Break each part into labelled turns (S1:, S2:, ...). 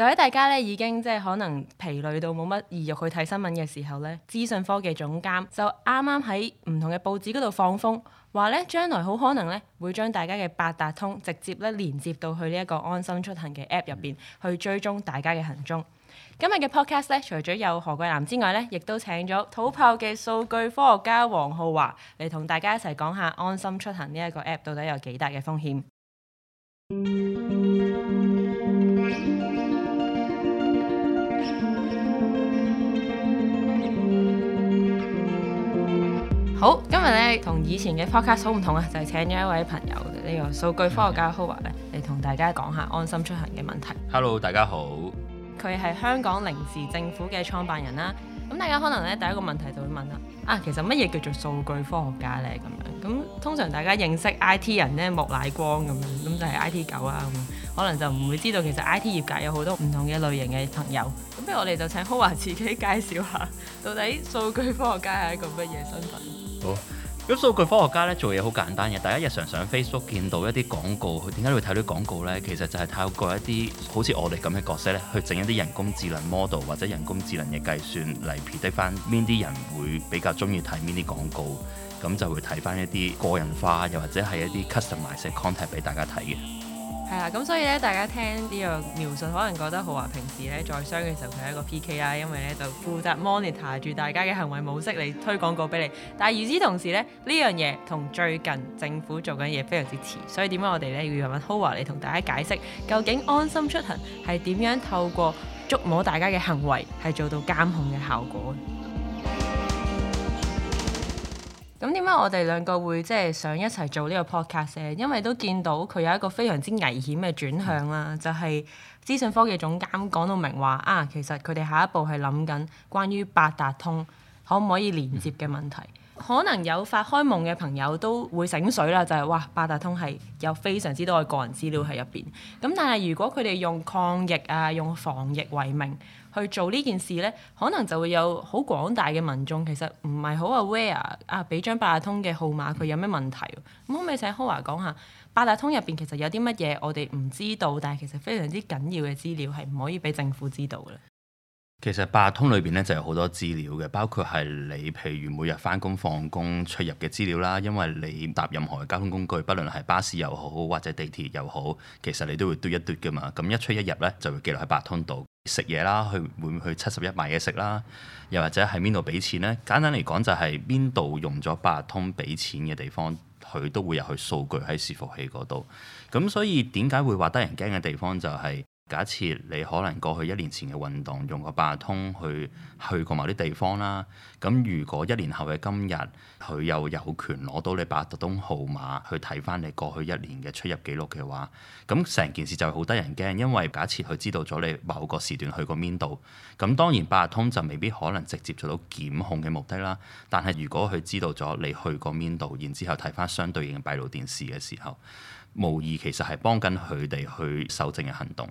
S1: 就喺大家咧已經即係可能疲累到冇乜意欲去睇新聞嘅時候咧，資訊科技總監就啱啱喺唔同嘅報紙嗰度放風，話咧將來好可能咧會將大家嘅八達通直接咧連接到去呢一個安心出行嘅 App 入邊去追蹤大家嘅行蹤。今日嘅 Podcast 咧，除咗有何桂藍之外咧，亦都請咗土炮嘅數據科學家黃浩華嚟同大家一齊講下安心出行呢一個 App 到底有幾大嘅風險。 好，今日咧同以前嘅 podcast 好唔同啊，就係、是、請咗一位朋友，呢、這個數據科學家浩華咧嚟同大家講下安心出行嘅問題。
S2: Hello，大家好。
S1: 佢係香港零時政府嘅創辦人啦、啊。咁大家可能咧第一個問題就會問啦、啊，啊其實乜嘢叫做數據科學家咧？咁樣咁通常大家認識 IT 人咧莫乃光咁樣，咁就係 IT 狗啊咁，可能就唔會知道其實 IT 業界有好多唔
S2: 同嘅類型嘅朋友。
S1: 咁不如我哋就請浩華自己介紹下，到底數據科學家係一個乜嘢身份？
S2: 好，咁數據科學家咧做嘢好簡單嘅，大家日常上 Facebook 見到一啲廣告，佢點解會睇到廣告呢？其實就係透過一啲好似我哋咁嘅角色咧，去整一啲人工智能 model 或者人工智能嘅計算嚟匹對翻邊啲人會比較中意睇邊啲廣告，咁就會睇翻一啲個人化又或者係一啲 customize 化嘅 content 俾大家睇嘅。
S1: 係啦，咁、嗯、所以咧，大家聽呢個描述，可能覺得浩華平時咧在商嘅時候佢係一個 P K 啦，因為咧就負責 monitor 住大家嘅行為模式嚟推廣告俾你。但係與此同時咧，呢樣嘢同最近政府做緊嘢非常之似，所以點解我哋咧要問問浩華嚟同大家解釋，究竟安心出行係點樣透過捉摸大家嘅行為係做到監控嘅效果？咁點解我哋兩個會即係想一齊做個呢個 podcast 咧？因為都見到佢有一個非常之危險嘅轉向啦，嗯、就係資訊科技總監講到明話啊，其實佢哋下一步係諗緊關於八達通可唔可以連接嘅問題。嗯可能有發開夢嘅朋友都會醒水啦，就係、是、哇，八達通係有非常之多嘅個人資料喺入邊。咁但係如果佢哋用抗疫啊、用防疫為名去做呢件事咧，可能就會有好廣大嘅民眾其實唔係好 aware 啊，俾張八達通嘅號碼佢有咩問題。咁、嗯、可唔可以請柯 a 講下八達通入邊其實有啲乜嘢我哋唔知道，但係其實非常之緊要嘅資料係唔可以俾政府知道嘅。
S2: 其實八達通裏邊咧就有好多資料嘅，包括係你譬如每日翻工放工出入嘅資料啦，因為你搭任何嘅交通工具，不論係巴士又好或者地鐵又好，其實你都會嘟一嘟噶嘛。咁一出一入咧就會記錄喺八達通度，食嘢啦，去會唔會去七十一買嘢食啦，又或者喺邊度俾錢咧？簡單嚟講就係邊度用咗八達通俾錢嘅地方，佢都會入去數據喺伺服器嗰度。咁所以點解會話得人驚嘅地方就係、是。假設你可能過去一年前嘅運動，用個八達通去去過某啲地方啦，咁如果一年後嘅今日，佢又有權攞到你八達通號碼去睇翻你過去一年嘅出入記錄嘅話，咁成件事就好得人驚，因為假設佢知道咗你某個時段去過邊度，咁當然八達通就未必可能直接做到檢控嘅目的啦，但係如果佢知道咗你去過邊度，然之後睇翻相對應嘅閉路電視嘅時候。無疑其實係幫緊佢哋去修正嘅行動，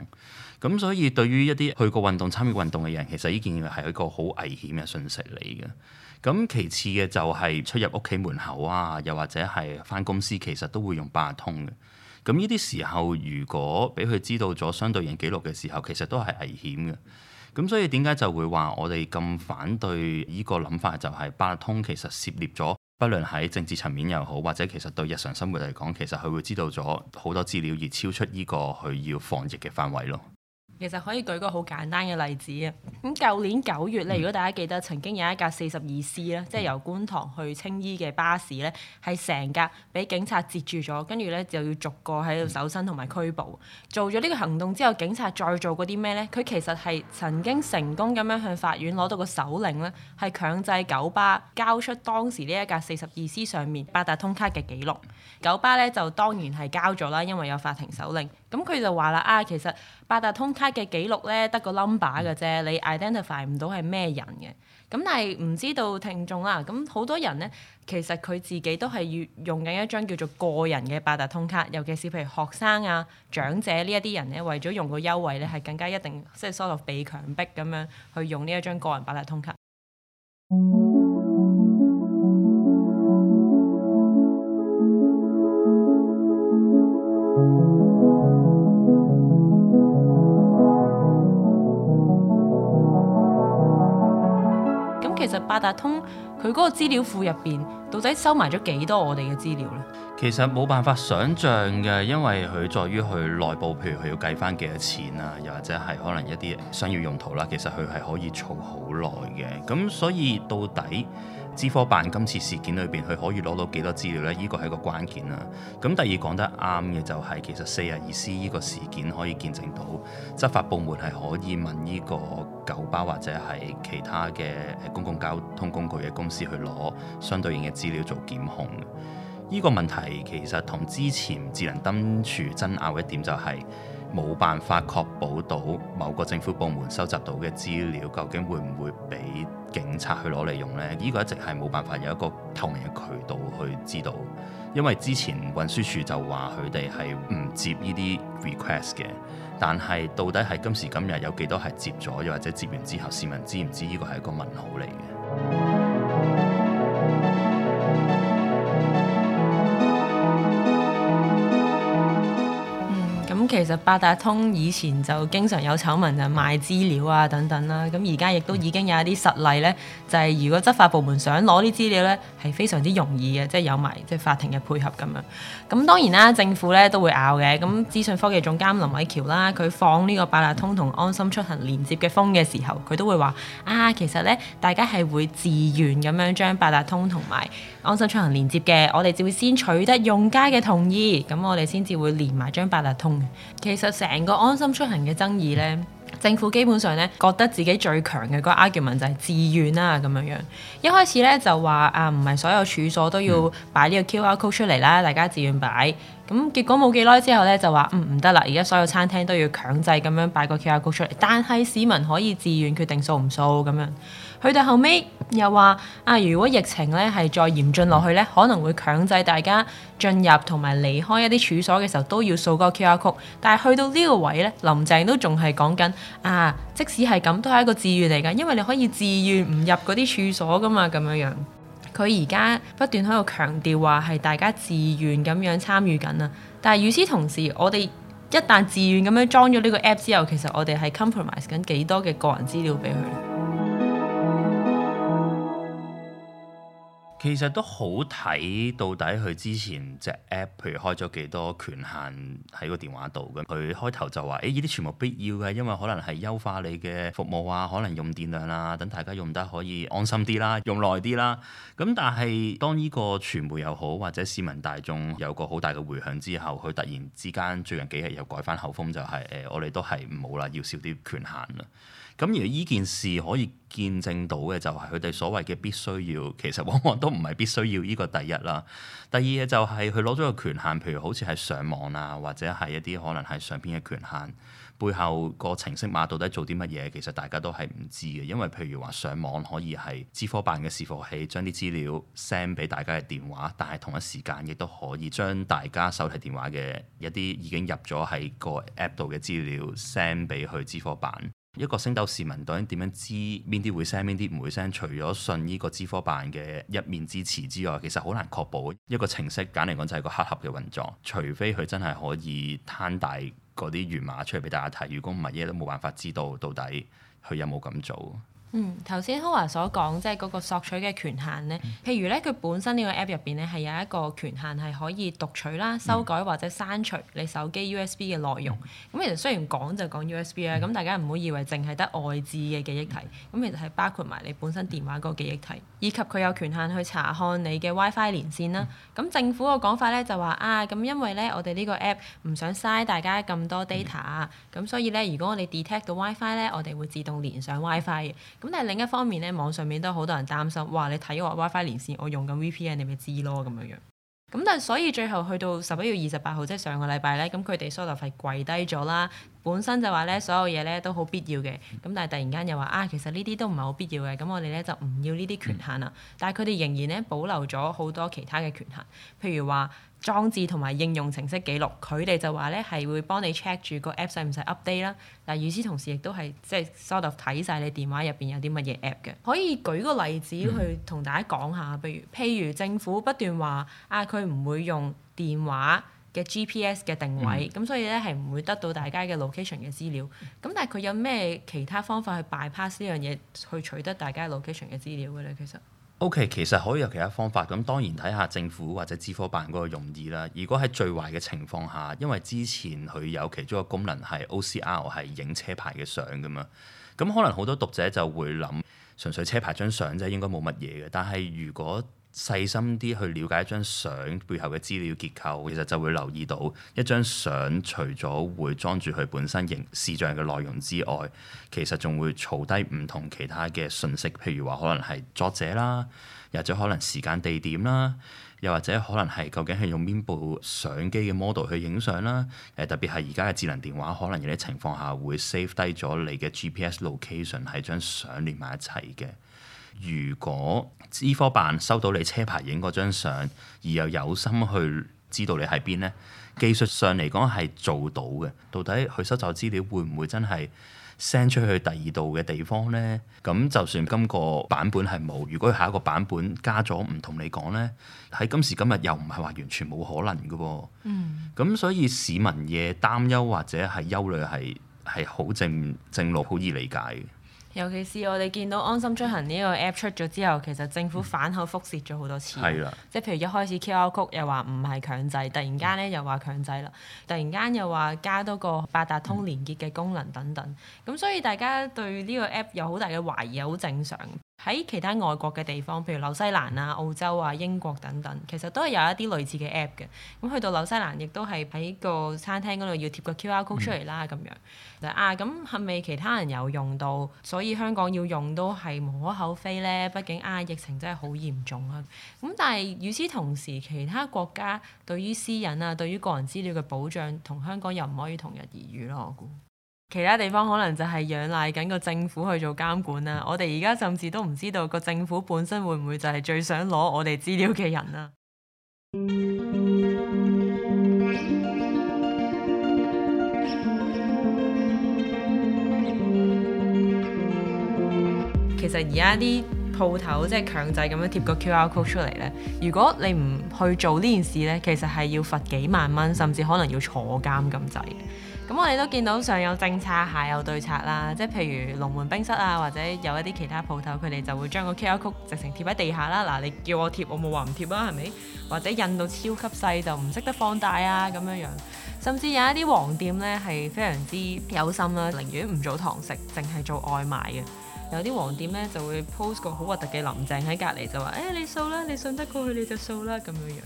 S2: 咁所以對於一啲去過運動、參與運動嘅人，其實呢件係一個好危險嘅信息嚟嘅。咁其次嘅就係出入屋企門口啊，又或者係返公司，其實都會用八達通嘅。咁呢啲時候，如果俾佢知道咗相對應記錄嘅時候，其實都係危險嘅。咁所以點解就會話我哋咁反對呢個諗法？就係八達通其實涉獵咗。不論喺政治層面又好，或者其實對日常生活嚟講，其實佢會知道咗好多資料，而超出呢個佢要防疫嘅範圍咯。
S1: 其實可以舉個好簡單嘅例子啊！咁舊年九月咧，如果大家記得，曾經有一架四十二 C 咧，即係由觀塘去青衣嘅巴士咧，係成架俾警察截住咗，跟住咧就要逐個喺度搜身同埋拘捕。做咗呢個行動之後，警察再做過啲咩咧？佢其實係曾經成功咁樣向法院攞到個手令咧，係強制九巴交出當時呢一架四十二 C 上面八達通卡嘅記錄。九巴咧就當然係交咗啦，因為有法庭手令。咁佢、嗯、就話啦，啊，其實八達通卡嘅記錄咧得個 number 嘅啫，你 identify 唔到係咩人嘅。咁、嗯、但係唔知道聽眾啦，咁、嗯、好多人咧，其實佢自己都係要用緊一張叫做個人嘅八達通卡，尤其是譬如學生啊、長者呢一啲人咧，為咗用個優惠咧，係更加一定即係 sort of 被強迫咁樣去用呢一張個人八達通卡。其實八達通佢嗰個資料庫入邊，到底收埋咗幾多我哋嘅資料呢？
S2: 其實冇辦法想像嘅，因為佢在於佢內部，譬如佢要計返幾多錢啊，又或者係可能一啲商業用途啦。其實佢係可以儲好耐嘅，咁所以到底，資科辦今次事件裏邊，佢可以攞到幾多資料呢？呢個係一個關鍵啦。咁第二講得啱嘅就係、是，其實四日二 C 呢個事件可以見證到，執法部門係可以問呢個九巴或者係其他嘅公共交通工具嘅公司去攞相對應嘅資料做檢控。呢、這個問題其實同之前智能燈柱爭拗一點就係、是。冇辦法確保到某個政府部門收集到嘅資料，究竟會唔會俾警察去攞嚟用呢？呢個一直係冇辦法有一個透明嘅渠道去知道，因為之前運輸署就話佢哋係唔接呢啲 request 嘅，但係到底係今時今日有幾多係接咗，又或者接完之後市民知唔知，呢個係一個問號嚟嘅？
S1: 其實八達通以前就經常有醜聞，就賣資料啊等等啦、啊。咁而家亦都已經有一啲實例呢，就係、是、如果執法部門想攞啲資料呢，係非常之容易嘅，即、就、係、是、有埋即係法庭嘅配合咁樣。咁當然啦，政府呢都會拗嘅。咁資訊科技總監林偉喬啦，佢放呢個八達通同安心出行連接嘅風嘅時候，佢都會話：啊，其實呢，大家係會自願咁樣將八達通同埋安心出行連接嘅。我哋就會先取得用家嘅同意，咁我哋先至會連埋張八達通。其實成個安心出行嘅爭議咧，政府基本上咧覺得自己最強嘅個 argument 就係自願啦咁樣樣。一開始咧就話啊，唔係所有處所都要擺呢、嗯、個 QR code 出嚟啦，大家自願擺。咁結果冇幾耐之後咧，就話唔唔得啦，而家所有餐廳都要強制咁樣擺個 QR code 出嚟，但係市民可以自願決定掃唔掃咁樣。去到後尾又話啊，如果疫情咧係再嚴峻落去咧，可能會強制大家進入同埋離開一啲處所嘅時候都要掃個 QR code。但係去到呢個位咧，林鄭都仲係講緊啊，即使係咁都係一個自願嚟㗎，因為你可以自願唔入嗰啲處所㗎嘛，咁樣樣。佢而家不斷喺度強調話係大家自願咁樣參與緊啊，但係與此同時，我哋一旦自願咁樣裝咗呢個 app 之後，其實我哋係 compromise 緊幾多嘅個人資料俾佢。
S2: 其實都好睇，到底佢之前隻 app 譬如開咗幾多權限喺個電話度嘅。佢開頭就話，誒，呢啲全部必要嘅，因為可能係優化你嘅服務啊，可能用電量啊，等大家用得可以安心啲啦，用耐啲啦。咁但係當呢個傳媒又好，或者市民大眾有個好大嘅迴響之後，佢突然之間最近幾日又改翻口風，就是，就係誒，我哋都係冇啦，要少啲權限啦。咁而呢件事可以見證到嘅就係佢哋所謂嘅必須要，其實往往都都唔係必須要呢個第一啦，第二嘢就係佢攞咗個權限，譬如好似係上網啊，或者係一啲可能係上邊嘅權限，背後個程式碼到底做啲乜嘢，其實大家都係唔知嘅，因為譬如話上網可以係資科辦嘅伺服器將啲資料 send 俾大家嘅電話，但係同一時間亦都可以將大家手提電話嘅一啲已經入咗喺個 app 度嘅資料 send 俾去資科辦。一個升斗市民到底點樣知邊啲會 send，邊啲唔會 send？除咗信呢個資科辦嘅一面之詞之外，其實好難確保一個程式，簡嚟講就係個黑盒嘅運作，除非佢真係可以攤大嗰啲源碼出嚟俾大家睇。如果唔係，嘢都冇辦法知道到底佢有冇咁做。
S1: 嗯，頭先 Hoa 所講即係嗰個索取嘅權限咧，譬如咧佢本身呢個 App 入邊咧係有一個權限係可以讀取啦、修改或者刪除你手機 USB 嘅內容。咁、嗯嗯嗯、其實雖然講就講 USB 啦、嗯，咁大家唔好以為淨係得外置嘅記憶體，咁、嗯嗯嗯、其實係包括埋你本身電話嗰個記憶體。以及佢有權限去查看你嘅 WiFi 連線啦、啊。咁、嗯、政府個講法咧就話啊，咁因為咧我哋呢個 app 唔想嘥大家咁多 data，咁、嗯、所以咧如果我哋 detect 到 WiFi 咧，我哋會自動連上 WiFi 嘅。咁但係另一方面咧，網上面都好多人擔心，哇！你睇我 WiFi 連線，我用緊 VPN，你咪知咯咁樣樣。咁、嗯、但係所以最後去到十一月二十八號，即、就、係、是、上個禮拜咧，咁佢哋 sofa 跪低咗啦。本身就話咧，所有嘢咧都好必要嘅，咁但係突然間又話啊，其實呢啲都唔係好必要嘅，咁我哋咧就唔要呢啲權限啦。嗯、但係佢哋仍然咧保留咗好多其他嘅權限，譬如話裝置同埋應用程式記錄，佢哋就話咧係會幫你 check 住個 app 使唔使 update 啦。但係與此同時，亦都係即係 sort of 睇晒你電話入邊有啲乜嘢 app 嘅。可以舉個例子去同大家講下，譬如譬如政府不斷話啊，佢唔會用電話 GPS 嘅定位，咁、嗯、所以咧係唔會得到大家嘅 location 嘅資料。咁但係佢有咩其他方法去 bypass 呢樣嘢，去取得大家嘅 location 嘅資料嘅咧？其實
S2: ，OK，其實可以有其他方法。咁當然睇下政府或者資科辦嗰個用意啦。如果喺最壞嘅情況下，因為之前佢有其中一個功能係 OCR 係影車牌嘅相噶嘛，咁可能好多讀者就會諗，純粹車牌張相啫，應該冇乜嘢嘅。但係如果細心啲去了解一張相背後嘅資料結構，其實就會留意到一張相除咗會裝住佢本身影視像嘅內容之外，其實仲會儲低唔同其他嘅信息，譬如話可能係作者啦，又或者可能時間地點啦，又或者可能係究竟係用邊部相機嘅 model 去影相啦。誒，特別係而家嘅智能電話，可能有啲情況下會 save 低咗你嘅 GPS location 係張相連埋一齊嘅。如果知科辦收到你車牌影嗰張相，而又有心去知道你喺邊咧，技術上嚟講係做到嘅。到底佢收集資料會唔會真係 send 出去第二度嘅地方咧？咁就算今個版本係冇，如果下一個版本加咗唔同你講咧，喺今時今日又唔係話完全冇可能㗎喎、哦。嗯，咁所以市民嘅擔憂或者係憂慮係係好正正路，好易理解嘅。
S1: 尤其是我哋見到安心出行呢、個 app 出咗之後，其實政府反口覆舌咗好多次，嗯、即係譬如一開始 QR code 又話唔係強制，突然間咧、嗯、又話強制啦，突然間又話加多個八達通連結嘅功能等等，咁、嗯、所以大家對呢個 app 有好大嘅懷疑，好正常。喺其他外國嘅地方，譬如紐西蘭啊、澳洲啊、英國等等，其實都係有一啲類似嘅 app 嘅。咁去到紐西蘭，亦都係喺個餐廳嗰度要貼個 QR code 出嚟啦，咁樣，嗯，啊。咁係咪其他人有用到所以香港要用都係無可厚非咧。畢竟啊，疫情真係好嚴重啊。咁但係與此同時，其他國家對於私隱啊、對於個人資料嘅保障，同香港又唔可以同日而語咯。我估。其他地方可能就係仰賴緊個政府去做監管啦，我哋而家甚至都唔知道個政府本身會唔會就係最想攞我哋資料嘅人啊！其實而家啲。鋪頭即係強制咁樣貼個 QR code 出嚟呢。如果你唔去做呢件事呢，其實係要罰幾萬蚊，甚至可能要坐監咁滯。咁我哋都見到上有政策，下有對策啦，即係譬如龍門冰室啊，或者有一啲其他鋪頭，佢哋就會將個 QR code 直情貼喺地下啦。嗱、啊，你叫我貼，我冇話唔貼啊，係咪？或者印到超級細，就唔識得放大啊咁樣樣。甚至有一啲黃店呢，係非常之有心啦，寧願唔做堂食，淨係做外賣嘅。有啲黃店咧就會 post 個好核突嘅林鄭喺隔籬就話，誒、欸、你掃啦，你信得過佢你就掃啦咁樣樣。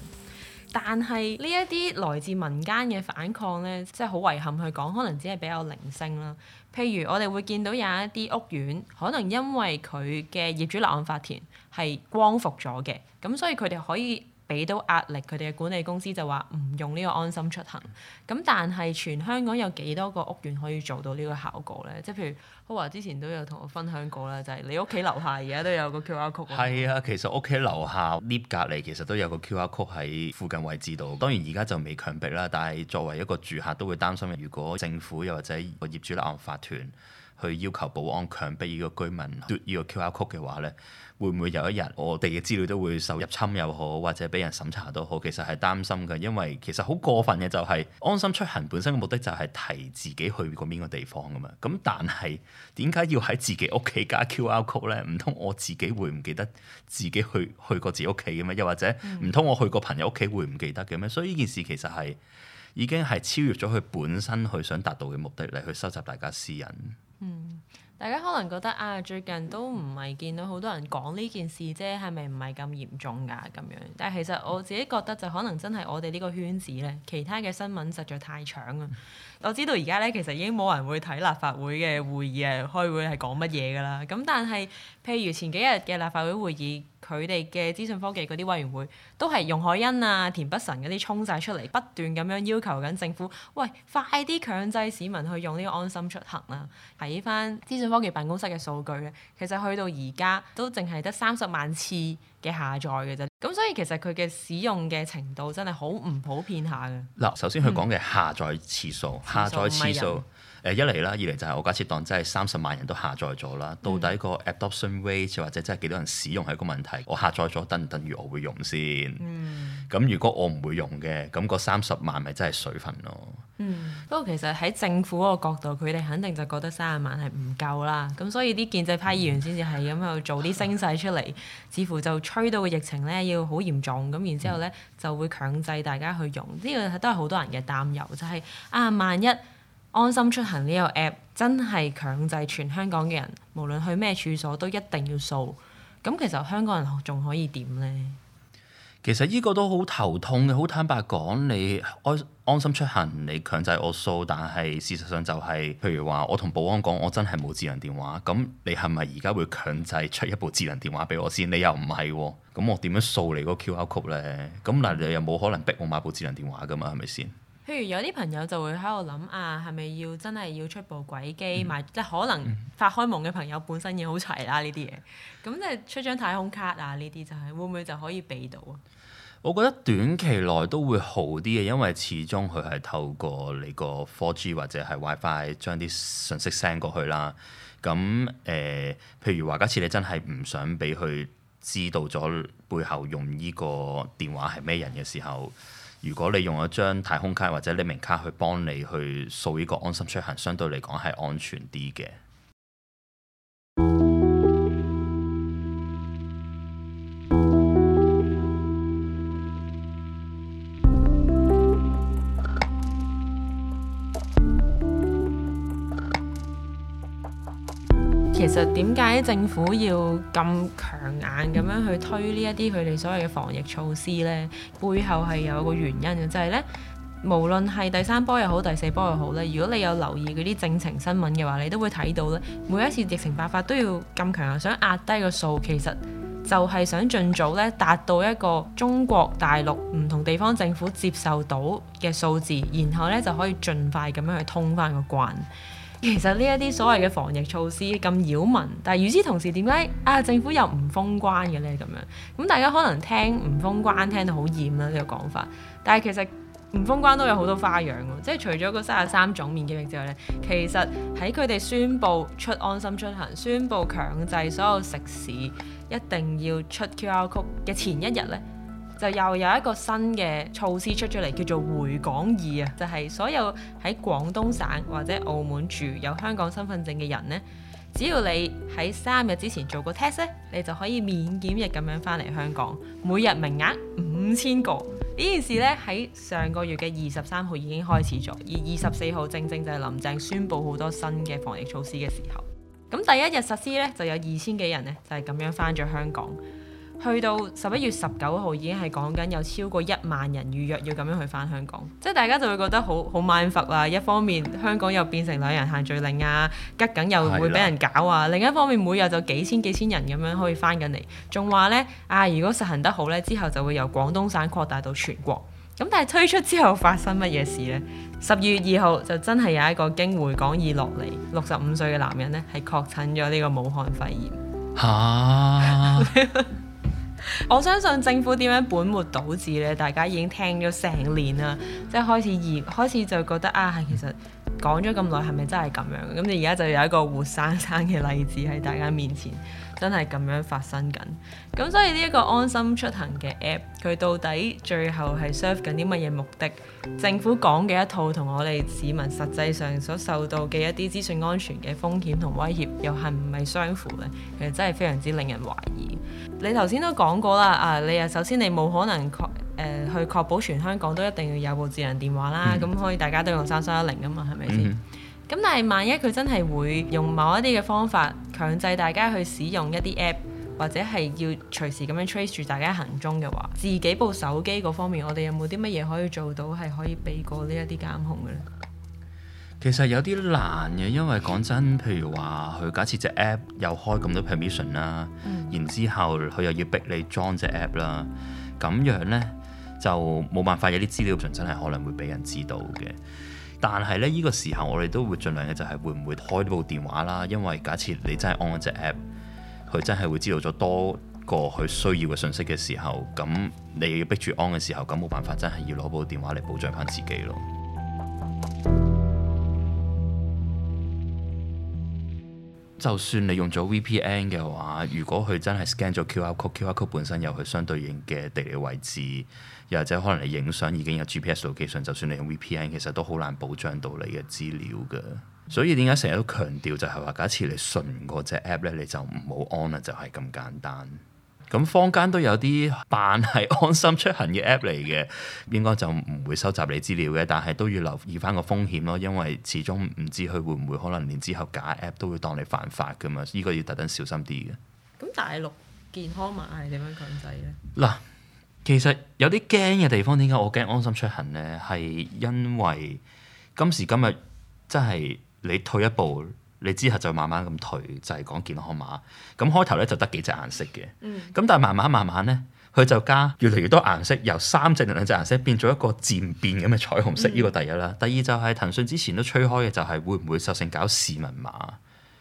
S1: 但係呢一啲來自民間嘅反抗咧，即係好遺憾去講，可能只係比較零星啦。譬如我哋會見到有一啲屋苑，可能因為佢嘅業主立案法團係光復咗嘅，咁所以佢哋可以。畀到壓力？佢哋嘅管理公司就話唔用呢個安心出行。咁但係全香港有幾多個屋苑可以做到呢個效果咧？即係譬如浩華之前都有同我分享過啦，就係、是、你屋企樓下而家都有個 QR code。係
S2: 啊，其實屋企樓下 lift 隔離其實都有個 QR code 喺附近位置度。當然而家就未強迫啦，但係作為一個住客都會擔心，如果政府又或者個業主立案法團。去要求保安強逼依個居民嘟依個 QR code 嘅話咧，會唔會有一日我哋嘅資料都會受入侵又好，或者俾人審查都好？其實係擔心㗎，因為其實好過分嘅就係、是、安心出行本身嘅目的就係提自己去過邊個地方㗎嘛。咁但係點解要喺自己屋企加 QR code 咧？唔通我自己會唔記得自己去去過自己屋企嘅咩？又或者唔通、嗯、我去過朋友屋企會唔記得嘅咩？所以呢件事其實係已經係超越咗佢本身去想達到嘅目的嚟去收集大家私隱。
S1: 嗯，大家可能覺得啊，最近都唔係見到好多人講呢件事啫，係咪唔係咁嚴重㗎咁樣？但係其實我自己覺得就可能真係我哋呢個圈子咧，其他嘅新聞實在太搶喇。 我知道而家咧其實已經冇人會睇立法會嘅會議係開會係講乜嘢㗎啦。咁但係譬如前幾日嘅立法會會議。佢哋嘅資訊科技嗰啲委員會都係容海恩啊、田北辰嗰啲衝晒出嚟，不斷咁樣要求緊政府，喂，快啲強制市民去用呢個安心出行啊！」睇翻資訊科技辦公室嘅數據咧，其實去到而家都淨係得三十萬次。嘅下載嘅啫，咁所以其實佢嘅使用嘅程度真係好唔普遍下嘅。
S2: 嗱，首先佢講嘅下載次數，嗯、下載次數，誒、呃、一嚟啦，二嚟就係我假設當真係三十萬人都下載咗啦，嗯、到底個 adoption rate 或者真係幾多人使用係一個問題。我下載咗，等唔等於我會用先？咁、嗯、如果我唔會用嘅，咁個三十萬咪真係水分咯。
S1: 嗯，不過其實喺政府嗰個角度，佢哋肯定就覺得三十萬係唔夠啦，咁所以啲建制派議員先至係咁又做啲聲勢出嚟， 似乎就吹到個疫情咧要好嚴重，咁然之後咧、嗯、就會強制大家去用，呢個都係好多人嘅擔憂，就係、是、啊萬一安心出行呢個 app 真係強制全香港嘅人，無論去咩處所都一定要掃，咁其實香港人仲可以點咧？
S2: 其實呢個都好頭痛嘅，好坦白講，你安安心出行，你強制我掃，但係事實上就係、是，譬如話，我同保安講，我真係冇智能電話，咁你係咪而家會強制出一部智能電話俾我先？你又唔係喎，咁我點樣掃你個 QR code 咧？咁嗱，你又冇可能逼我買部智能電話㗎嘛，係咪先？
S1: 譬如有啲朋友就會喺度諗啊，係咪要真係要出部鬼機、嗯、買？即係可能發開夢嘅朋友本身嘢好齊啦，呢啲嘢，咁即係出張太空卡啊，呢啲就係、是、會唔會就可以避到啊？
S2: 我覺得短期內都會好啲嘅，因為始終佢係透過你個 4G 或者係 WiFi 將啲信息 send 過去啦。咁誒、呃，譬如話，假設你真係唔想俾佢知道咗背後用呢個電話係咩人嘅時候，如果你用一張太空卡或者匿名卡去幫你去掃呢個安心出行，相對嚟講係安全啲嘅。
S1: 點解政府要咁強硬咁樣去推呢一啲佢哋所謂嘅防疫措施呢？背後係有個原因嘅，就係呢：無論係第三波又好，第四波又好咧，如果你有留意嗰啲政情新聞嘅話，你都會睇到咧，每一次疫情爆發都要咁強硬，想壓低個數，其實就係想盡早呢達到一個中國大陸唔同地方政府接受到嘅數字，然後呢就可以盡快咁樣去通翻個關。其實呢一啲所謂嘅防疫措施咁擾民，但係與此同時，點解啊政府又唔封關嘅呢？咁樣咁、嗯、大家可能聽唔封關聽到好厭啦呢個講法，但係其實唔封關都有好多花樣㗎、啊，即係除咗個三十三種免檢疫之外呢，其實喺佢哋宣布出安心出行、宣布強制所有食肆一定要出 QR code 嘅前一日呢。就又有一個新嘅措施出咗嚟，叫做回港二啊！就係所有喺廣東省或者澳門住有香港身份證嘅人呢，只要你喺三日之前做過 test，你就可以免檢疫咁樣翻嚟香港，每日名額五千個。呢件事呢，喺上個月嘅二十三號已經開始咗，而二十四號正正就係林鄭宣布好多新嘅防疫措施嘅時候。咁第一日實施呢，就有二千幾人呢，就係咁樣翻咗香港。去到十一月十九號已經係講緊有超過一萬人預約要咁樣去翻香港，即係大家就會覺得好好萬佛啦。一方面香港又變成兩人限聚令啊，急緊又會俾人搞啊。是的 另一方面每日就幾千幾千人咁樣可以翻緊嚟，仲話呢，啊，如果實行得好呢，之後就會由廣東省擴大到全國。咁但係推出之後發生乜嘢事呢？十二月二號就真係有一個經回港易落嚟六十五歲嘅男人呢，係確診咗呢個武漢肺炎。
S2: 嚇哈！
S1: 我相信政府點樣本末倒置呢？大家已經聽咗成年啦，即係開始熱，開始就覺得啊，其實講咗咁耐，係咪真係咁樣？咁你而家就有一個活生生嘅例子喺大家面前，真係咁樣發生緊。咁所以呢一個安心出行嘅 app，佢到底最後係 serve 緊啲乜嘢目的？政府講嘅一套同我哋市民實際上所受到嘅一啲資訊安全嘅風險同威脅，又係唔係相符呢？其實真係非常之令人懷疑。你頭先都講過啦，啊，你啊首先你冇可能確誒、呃、去確保全香港都一定要有部智能電話啦，咁、mm hmm. 可以大家都用三三一零㗎嘛，係咪先？咁、mm hmm. 但係萬一佢真係會用某一啲嘅方法強制大家去使用一啲 app，或者係要隨時咁樣 trace 住大家行蹤嘅話，自己部手機嗰方面，我哋有冇啲乜嘢可以做到係可以避過呢一啲監控嘅咧？
S2: 其實有啲難嘅，因為講真，譬如話佢假設隻 app 又開咁多 permission 啦，嗯、然之後佢又要逼你裝隻 app 啦，咁樣呢，就冇辦法。有啲資料上真係可能會俾人知道嘅。但係呢，呢、呢個時候我哋都會盡量嘅就係會唔會開部電話啦，因為假設你真係安隻 app，佢真係會知道咗多個佢需要嘅信息嘅時候，咁你要逼住安嘅時候，咁冇辦法真係要攞部電話嚟保障返自己咯。就算你用咗 VPN 嘅話，如果佢真係 scan 咗 QR code，QR code 本身有佢相對應嘅地理位置，又或者可能你影相已經有 GPS 度計算，就算你用 VPN，其實都好難保障到你嘅資料嘅，所以點解成日都強調就係話，假設你信唔過隻 app 咧，你就唔好 on 啦，就係、是、咁簡單。咁坊間都有啲扮係安心出行嘅 app 嚟嘅，應該就唔會收集你資料嘅，但係都要留意翻個風險咯，因為始終唔知佢會唔會可能連之後假 app 都會當你犯法噶嘛，呢個要特登小心啲嘅。
S1: 咁大陸健康碼係點樣強制呢？
S2: 嗱，其實有啲驚嘅地方，點解我驚安心出行呢？係因為今時今日，即係你退一步。你之後就慢慢咁推，就係、是、講健康碼。咁開頭咧就得幾隻顏色嘅，咁、嗯、但係慢慢慢慢咧，佢就加越嚟越多顏色，由三隻定兩隻顏色變咗一個漸變咁嘅彩虹色。呢、嗯、個第一啦，第二就係騰訊之前都吹開嘅，就係、是、會唔會索性搞市民碼？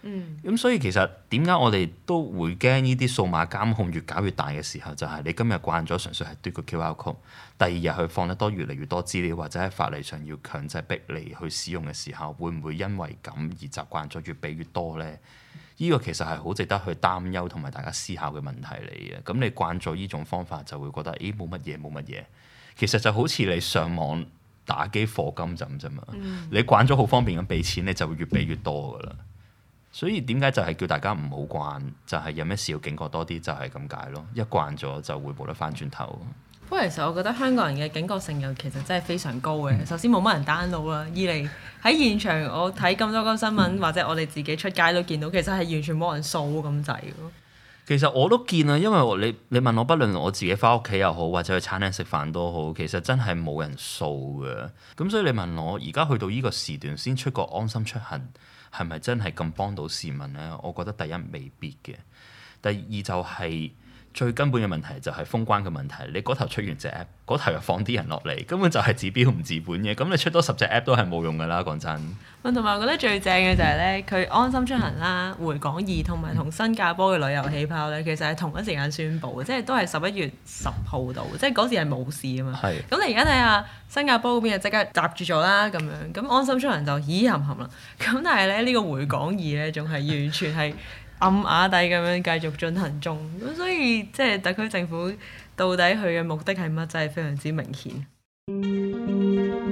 S2: 嗯，咁、嗯、所以其實點解我哋都會驚呢啲數碼監控越搞越大嘅時候，就係、是、你今日慣咗純粹係嘟個 QR code，第二日佢放得多越嚟越多資料，或者喺法例上要強制逼你去使用嘅時候，會唔會因為咁而習慣咗越俾越多咧？呢、這個其實係好值得去擔憂同埋大家思考嘅問題嚟嘅。咁你慣咗呢種方法，就會覺得誒冇乜嘢冇乜嘢，其實就好似你上網打機課金咁啫嘛。嗯、你慣咗好方便咁俾錢，你就會越俾越多噶啦。所以點解就係叫大家唔好慣，就係、是、有咩事要警覺多啲，就係咁解咯。一慣咗就會冇得翻轉頭。
S1: 不過其實我覺得香港人嘅警覺性又其實真係非常高嘅。嗯、首先冇乜人 download 啦，二嚟喺現場我睇咁多個新聞、嗯、或者我哋自己出街都見到，其實係完全冇人掃咁滯。
S2: 其實我都見啊，因為我，你你問我，不論我自己翻屋企又好，或者去餐廳食飯都好，其實真係冇人掃嘅。咁所以你問我而家去到呢個時段先出個安心出行，係咪真係咁幫到市民咧？我覺得第一未必嘅，第二就係。最根本嘅問題就係封關嘅問題，你嗰頭出完隻 app，嗰頭又放啲人落嚟，根本就係治標唔治本嘅。咁你出多十隻 app 都係冇用噶啦，講真。
S1: 同埋我覺得最正嘅就係咧，佢安心出行啦、回港易同埋同新加坡嘅旅遊氣泡咧，其實係同一時間宣佈，即係都係十一月十號到，即係嗰時係冇事啊嘛。係。咁你而家睇下新加坡嗰邊就即刻閂住咗啦，咁樣咁安心出行就咦含含啦。咁但係咧呢個回港易咧仲係完全係。暗啞底咁樣繼續進行中，咁所以即係特區政府到底佢嘅目的係乜，真係非常之明顯。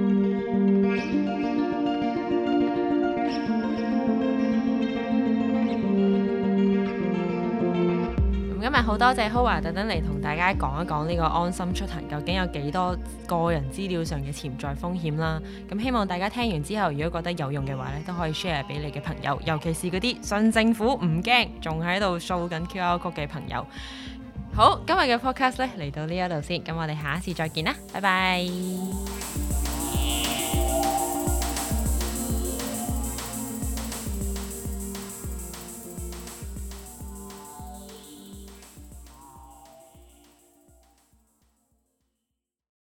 S1: 好、嗯、多謝浩華特登嚟同大家講一講呢個安心出行究竟有幾多個人資料上嘅潛在風險啦。咁希望大家聽完之後，如果覺得有用嘅話咧，都可以 share 俾你嘅朋友，尤其是嗰啲信政府唔驚，仲喺度掃緊 QR code 嘅朋友。好，今日嘅 podcast 咧嚟到呢一度先，咁我哋下一次再見啦，拜拜。